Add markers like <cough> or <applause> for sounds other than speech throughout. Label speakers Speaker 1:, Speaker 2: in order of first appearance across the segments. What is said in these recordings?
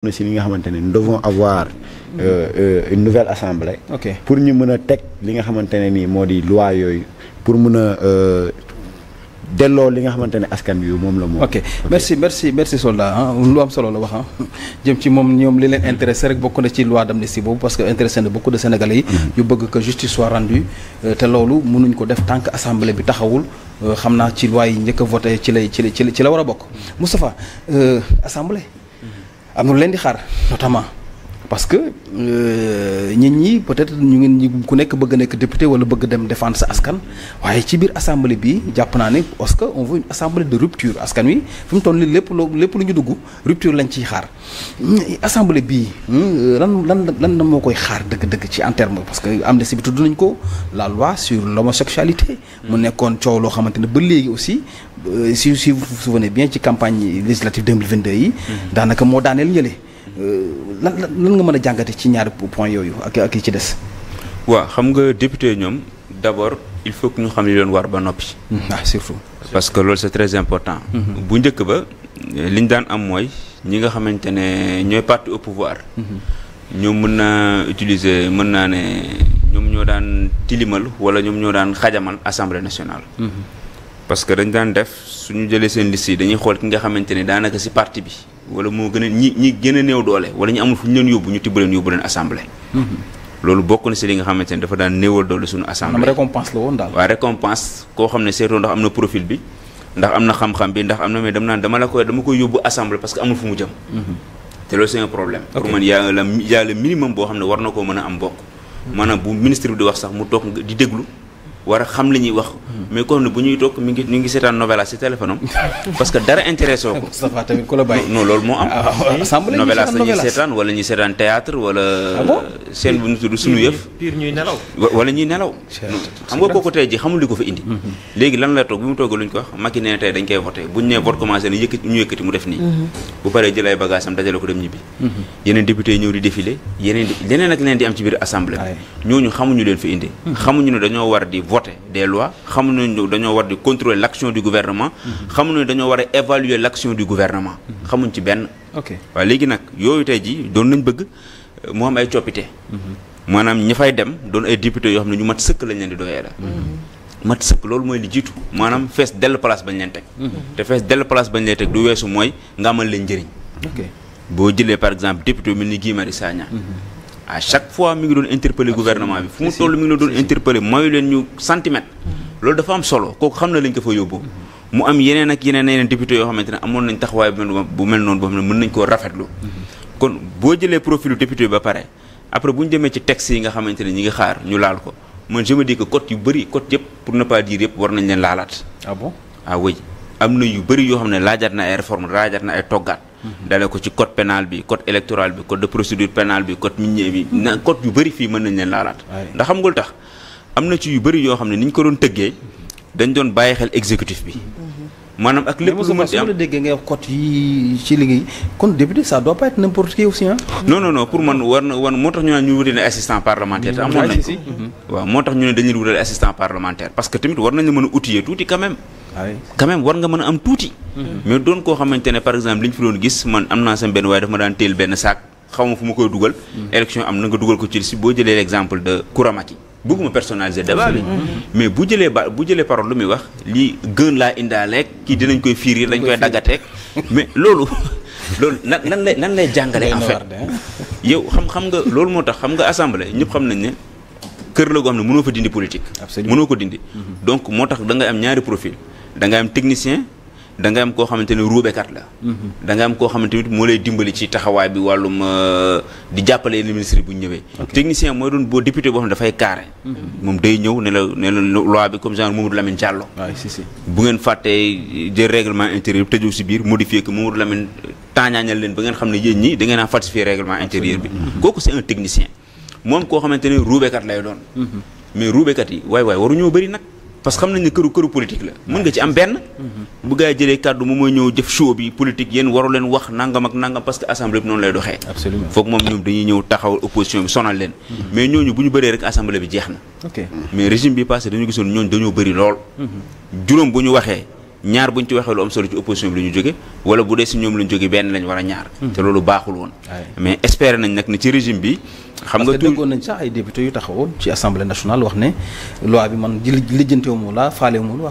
Speaker 1: na si li nga xamante ne nous devons avoir euh, euh nouvelle assemblée okay. pour ñu mën a teg li nga xamante ne nii moo di loi yooyu pour mën a euh, delloo li nga xamante ne askan bi moom la moom. ok merci merci merci soldat lu am solo la wax am jëm ci moom ñoom li leen intéressé rek bokk na ci loi si boobu parce que intéressé na beaucoup de sénégalais yi. Mm-hmm. yu bëgg que justice soit rendue euh, te loolu mënuñ ko def tant que assemblée bi taxawul xam naa ci loi yi njëkk a voté ci lay ci la ci la war a bokk Moustapha assemblée. am na lu leen di xaar notamment parce que euh, nit ñi peut-être ñu ngeen ñi ku nekk bëgg nekk député wala bëgg dem défendre askan waaye ci biir assemblée bi jàpp naa ne parce que on veut une assemblée de rupture askan wi fi mu toll nii lépp loo lépp lu ñu dugg rupture lañ ciy xaar assemblée bii hmm, lan lan lan la moo koy xaar dëgg-dëgg ci en terme parce que am amnistie bi tudd nañ ko la loi sur l'homosexualité mu nekkoon coow loo xamante ne ba léegi aussi euh, si si vous bien ci campagne législative 2022 yi hmm. daanaka moo daaneel ñële Euh, lan lan nga mën a jàngate ci ñaari point yooyu ak ak yi ci des. waaw xam
Speaker 2: nga député ñoom d' abord il faut que ñu xam li leen war ba noppi. Hmm, ah parce que lool c' est important. Hmm. bu njëkk ba li ñu daan am mooy ñi nga xamante ne ñooy parti au pouvoir. Hmm. ñoom mën naa utiliser mën naa ne ñoom ñoo daan tilimal wala ñoom ñoo daan xajamal assemblée nationale. parce que dañ daan def ñu jëlee seen liste yi dañuy xool ki nga xamante ne daanaka si parti bi wala moo gën a ñi ñi gën a néew doole wala ñu amul fu ñu leen yóbbu ñu tibb leen yóbbu leen assemblée.
Speaker 1: Mm-hmm.
Speaker 2: loolu bokk na si li nga xamante ne dafa daan néewal doole suñu assemblée.
Speaker 1: récompense la woon daal.
Speaker 2: waaw récompense koo xam ne seetoo ndax am na profil bi ndax am na xam-xam bi ndax am na mais dama naan dama la koy dama koy yóbbu assemblée parce que amul fu mu jëm. Mm-hmm. te loolu c'est un a le y boo xam ne war na koo mën a am bokk. Mm-hmm. maanaam bu ministre di wax sax mu toog di déglu war a xam li ñuy wax. mais koo xam ne bu ñuy toog mi ngi seetaan novela si téléphone <laughs> parce que dara intéressé ko. Moustapha loolu moo am. novela ah, la seetaan wala ñuy seetaan théâtre wala. seen ah bu ñu tudd suñu yëf. pire ñuy nelaw. xam nga kooku tey ji xamul ko fa indi. Mhm. léegi lan la toog bi mu toog luñ ko wax Macky nee na dañ koy voté bu ñu nee vote commencé na ñu yëkkati mu def nii. Mhm. bu paree jël ay am dajale ko dem ñibbi. Mhm. yeneen député ñëw voter des lois dañoo war di contrôler l' action du gouvernement. Mhm. xamuñu ne dañoo war a évaluer l' action du gouvernement. Mhm. xamuñ ci benn. ok waaw léegi nag yooyu tey jii doon nañ bëgg euh, moo am ay coppite. Mhm. maanaam ñi fay dem doon ay député yoo xam ne ñu mat sëkk lañ leen di doyee la mat sëkk loolu mooy li jiitu maanaam fees dell place bañ leen teg te fees dell place bañ leen teg du weesu mooy nga amal leen njëriñ boo jëlee par exemple député mel ni Guy Marius à chaque fois mu ngi doon interpeller gouvernement bi fu mu toll mi ngi la doon interpeller mayu leen ñu centimètre loolu dafa am solo kooku xam na lañ ko fa yóbbu mu am yeneen ak yeneen yeneen député yoo xamante ne amoon nañ taxawaay bu mel noonu boo xam ne mën nañ koo rafetlu kon boo jëlee profilu député ba pare après bu ñu demee ci texte yi nga xamante ne ñu ngi xaar ñu laal ko man je ko cot yu bëri code yëpp pour ne pas dire yëpp war leen laalaat ah bon ah am na yu bëri yoo xam ne laajaat na ay réforme laajaat na ay toggaat dalee ko ci code pénal bi code électoral bi code de procédure pénale bi code minier bi hmm. na code yu bëri fii mën nañ leen laalaat ndax xam ngul tax am na ci yu bëri yoo xam ne ni ñu ko doon tëggee dañ doon bàyyi xel exécutif bi hmm. maanaam ak lépp moo tax ñu naan ñu wutale assistant parlementaire te amoon hmm. nañ ko waaw moo tax ñu ne dañuy wutale assistant parlementaire parce que tamit war nañu mën a outiller tuuti quand quand même war nga mën a am tuuti. Mhm. mais doon koo xamante ne par exemple li ñu fi doon gis man am naa seen benn waaye daf ma daan téel benn saak xaw ma fu ma koy dugal. Mhm. élection am na nga dugal ko ci si boo jëlee l'exemple de Kouramaki. bëgguma personnaliser débat bi mhm. mais bu jëlee ba bu jëlee parole lu muy wax lii gën laa indaaleeg kii dinañ koy firir dañ koy daggateeg <laughs> mais loolu loolu nan lan lay nan lay jàngalee en fait yow xam xam nga loolu moo tax xam nga assemblée ñëpp xam nañ ne kër la goo ne mënoo fa dindi politique mënoo ko dindi donc moo tax da am ñaari profil da am technicien da nga am koo xamante ne ruubekat la. Mhm. da am koo xamante ni moo lay dimbali ci taxawaay bi wàllum euh, di jàppale le ministre bu ñu ñëwee. technicien mooy doon boo député boo xam ne dafay carré. Mhm. moom day ñëw ne la ne la loi bi comme genre Mamadou Lamine Diallo. waaw si bu ngeen fàttee jël règlement intérieur bi tëjoo si biir modifié ko Mamadou Lamine euh, taañaañal leen ba ngeen xam ne yéen ñii da ngeen a falsifié règlement intérieur bi. Mhm. kooku c'est moom koo xamante ne ruubekat lay doon. mais ruubekat yi waay waay waruñoo bëri nag. parce que xam nañ ne këru këru politique la mën nga ci am benn bu gaa yi jëlee kàddu moom mooy ñëw jëf show bi politique yéen waru leen wax nangam ak nangam parce que assemblée bi noonu lay doxee absolument foog moom ñoom dañuy ñëw taxaw opposition bi sonal leen mais ñooñu bu ñu bëree rek assemblée bi jeex na mais régime bi passé dañu gisoon ñooñu dañoo bëri lool juróom bu ñu waxee ñaar buñ ci waxee lu am solo ci opposition bi la ñu jóge wala bu dee si ñoom la ñu jóge benn lañ war a ñaar. Hmm. te loolu baaxul woon.
Speaker 1: mais espérer nañ nag ne ci régime bi. xam nga déggoon nañ sax ay député yu taxawoon ci assemblée nationale wax ne loi bi man ji lijjantewuma la faale wu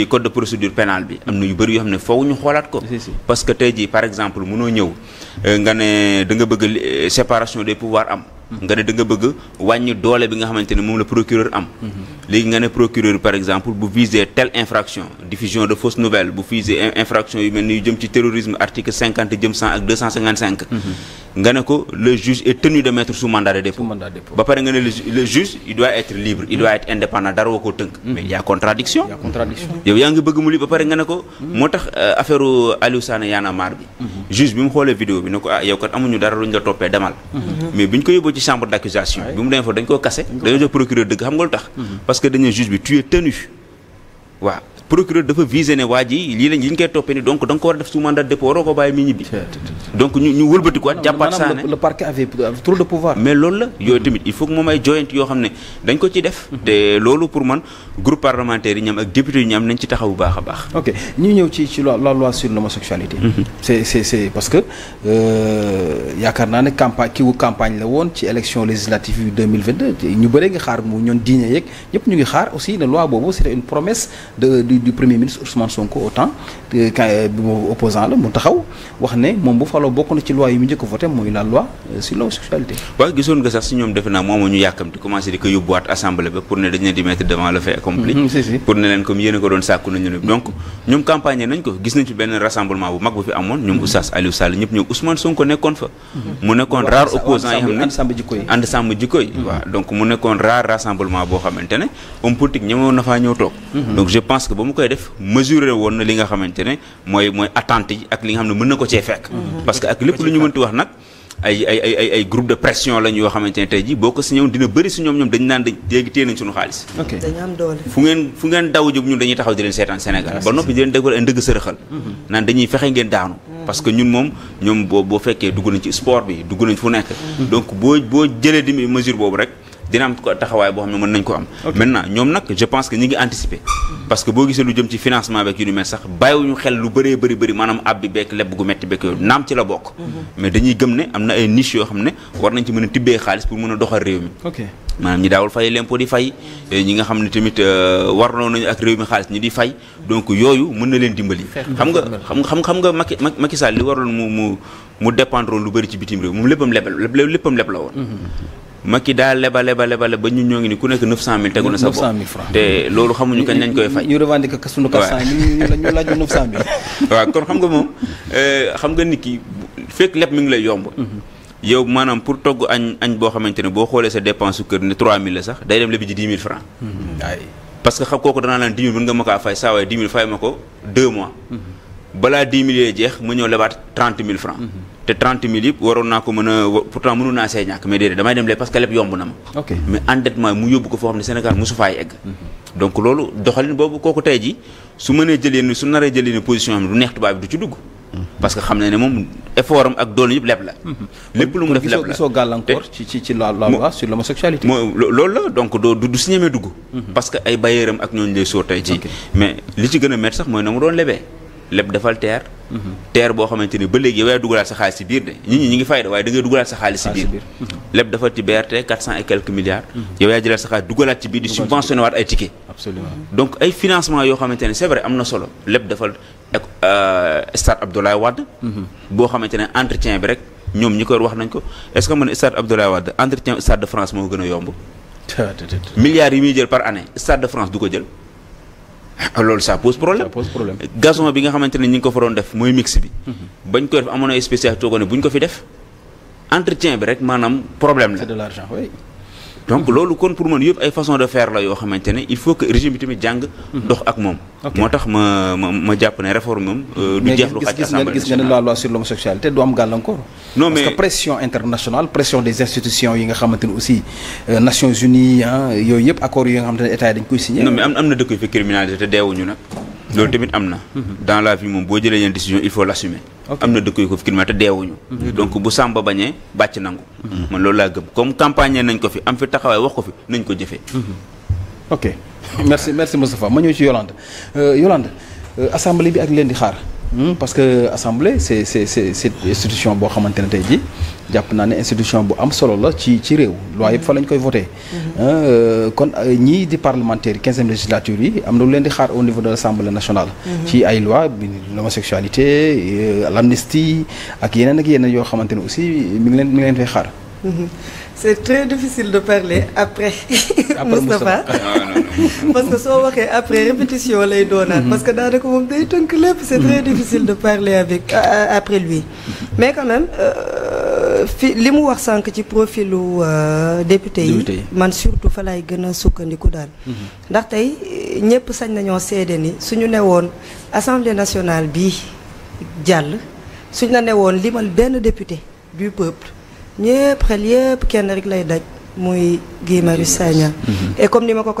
Speaker 2: ci code de procédure pénale bi am na yu bëri yoo xam ne foofu ñu xoolaat ko. parce que tey jii par exemple mënoo ñëw euh, nga ne da nga bëgg euh, séparation des pouvoirs am. nga ne da nga bëgg wàññi doole bi nga xamante ne moom la procureur am. léegi nga ne procureur par exemple bu viser telle infraction diffusion de fausses nouvelles bu viser infraction yu mel ni jëm ci terrorisme article cinquante ak nga ne ko le juge est tenu de mettre sous mandat de dépôt. ba pare nga ne le juge il doit être libre il doit être indépendant dara woo koo tënk. mais yaa ngi bëgg mu li ba pare nga ne ko. moo tax euh, affaire Aliou Sané bi. Mhm. juge bi ah, la toppee ci chambre d' bi mu demee fa dañ koo kase dañoo jox procureur dëgg xam nga lu tax mm-hmm. parce dañu juge bi tu tenu waaw procureur dafa visé ne waa ji lii lañ koy toppee ni donc da nga war a def sous mandat de waroo ko bàyyi mi ñibbi donc ñu ñu wëlbatikuwaat jàppaat saa ne mais loolu la yooyu mm-hmm. tamit il faut moom ay joyante yoo xam ne dañ ko ci def mm-hmm. te loolu pour man groupe parlementaire yi ñu ak député yi ñu nañ ci taxaw baax a baax
Speaker 1: yaakaar naa ne campagne kiwu campagne la woon ci élection législative yu 2022 ñu bëri nga xaar mu ñoon diine yeeg ñëpp ñu ngi xaar aussi ne loi boobu c'était une promesse de du premier ministre Ousmane Sonko au opposant la mu taxaw wax ne moom bu faloo bokk na ci loi yi mu njëkk voté mooy la loi euh, sur l'homosexualité
Speaker 2: waaw gisoon nga sax si ñoom defe naa moom ñu yàkkamti commencé di di mettre devant mu nekkoon rare rassemblement boo xamante ne homme politique ñemewoon na faa ñëw toog mm-hmm. donc je pense que ba mu koy def mesuré woon na li nga xamante xamante ne mooy mooy attente yi ak li nga xam ne mën na ko cee fekk. Mhm. parce ak lépp lu ñu mënti wax nag. ay groupe de pression lañ yoo xamante ne tey boo ko si ñëw dina bëri si ñoom ñoom dañuy taxaw di leen seetaan Sénégal ba noppi di leen déggoo ay ndëgg sërëxal. Mhm. naan dañuy fexe ngeen daanu. Mhm. parce ñun moom ñoom boo fekkee dugg nañ ci sport bi dugg nañ fu nekk. donc boo boo jëlee di mesure boobu rek. dina am taxawaay boo xam ne mën nañ ko am maintenant ñoom nag je pense que ñi ngi anticiper parce que boo gisee lu jëm ci financement beeg yu ni mel sax bàyyiwuñu xel lu bëree bëri bëri maanaam ab bi beeg lebb gu metti beeg yooyu naam ci la bokk mhm. ne am na ay niche yoo xam ne war nañ ci mën a tibbee xaalis pour mën a doxal réew mi maanaam ñi daawul fay l'impôt fay eh, nga xam ne tamit euh, warloo nañu ak réew mi xaalis ñi di fay donc yooyu mën na leen dimbali xam nga xam xam nga Macky Macky Sall li warloon mu mu mu dépendre lu bëri ci bitim réew moom léppam leb léppam leb la woon
Speaker 1: mhm.
Speaker 2: Macky daa leba leba lebale ba ñun ñoo ngi ni ku nekk 900000 tegu na sa bopp 900000 francs te loolu xamuñu kañ lañ koy fay. <laughs> kon xam nga moom euh, xam nga nit ki fekk lépp mi ngi lay yomb. Mm-hmm. yow maanaam pour togg añ añ boo xamante ne boo xoolee sa dépense su kër ne 3000 la sax day dem lebi ji 10 000 francs.
Speaker 1: waay mm-hmm.
Speaker 2: parce que xam kooku danaa laan 10 000 mën nga ma kaa fay saa waaye 10 000 fay ma ko 2 mois.
Speaker 1: Mm-hmm.
Speaker 2: balaa 10 000 yee jeex mu ñëw lebaat 30 000 francs. te 30 000 waroon naa ko mën a pourtant mënu see ñàkk mais déedéet damay dem lee parce que yomb na ma. mu mhm. neex tubaab bi du ci dugg. Mhm. parce mhm. ay bailleur ak ñooñu lay sóor tey ji mais li ci gën a métti sax mooy na mu doon lebee. lépp defal teer teer boo xamante ni ba léegi yow yaay dugalaat sa xaalis si biir de nit ñi ñu ngi fay de waaye da ngay dugalaat sa xaalis si biir lépp defal ci quatre cent et quelques milliards mm-hmm. yow yaay jëlaat sa xaalis dugalaat ci biir di subventionné ay ticket donc ay financement yoo xamante ne c'est vrai am na solo lépp defal euh, stade Abdoulaye Wade mm-hmm. boo xamante ne entretien bi rek ñoom ñi koy wax nañ ko est-ce que man stade Abdoulaye moo gën a yomb
Speaker 1: <laughs>
Speaker 2: yi muy jël par année stade de France du ko jël <laughs> loolu ça pose problème ça bi nga xamante ne ñi ngi ko fa doon def mooy mix bi. Mhm. bañ ko def amoon ay spécialité toogoo ne bu ñu ko fi def entretien bi rek maanaam problème la. c'est de l'argent donc loolu kon pour man yëpp ay façon de faire la yoo xamante ne il faut que régime bi tamit jàng. dox ak moom. moo tax ma ma ma jàpp ne réforme euh, lu xaj assemblée gis gis ngeen la
Speaker 1: loi sur l'homosexualité du am gàllankoor. non pression internationale pression des institutions yi nga xamante ne aussi euh, Nations Unies yooyu yëpp accords yi nga xamante ne état yi dañ koy signé. non am
Speaker 2: na dëkk yu fi criminalité te deewuñu nag. loolu tamit am na. Mhm. dans la vie moom boo jëlee yenn décision il am na dëkk yu ko fi climat te deewuñu mhm. donc bu sàmba bañee bàcc nangu mhm. man loolu laa gëm comme campagne nañ ko fi am fi taxawaay wax ko fi nañ ko jëfee mhm.
Speaker 1: ok <laughs> merci merci Moustapha ma ñëw ci Yolande euh, Yolande euh, assemblée bi ak leen di xaar Hmm, parce que assemblée c'est c'est institution boo xamante ne tey jii jàpp naa ne institution bu am solo la ci ci réew loi yëpp fa lañ koy voté. Mhm. Ah, euh, kon euh, ñii di parlementaire yi quinzième législature yi am na lu leen di xaar au niveau de l'assemblée nationale. Mhm. ci ay loi bi l'homosexualité euh, ak yeneen ak yeneen yoo xamante ne aussi mi ngi leen mi xaar. <laughs> c'est très difficile de parler après. après <laughs> Moustapha ah, <laughs> soo waxee après répétition lay doonaat. Mhm. parce que daanaka moom day tënk lépp. c'est très mhm. difficile de parler avec euh, euh, après lui. Mhm. mais quand même euh, fi li mu wax sànq ci profilu député yi. man surtout fa laay gën a sukkandiku daal. ndax tey ñépp sañ nañoo seede ni suñu woon assemblée nationale bi jàll suñu la woon limal benn député du peuple. ñëpp xel yëpp kenn rek lay daj muy Guy Marius Sagna mm-hmm. comme ni ma ko ko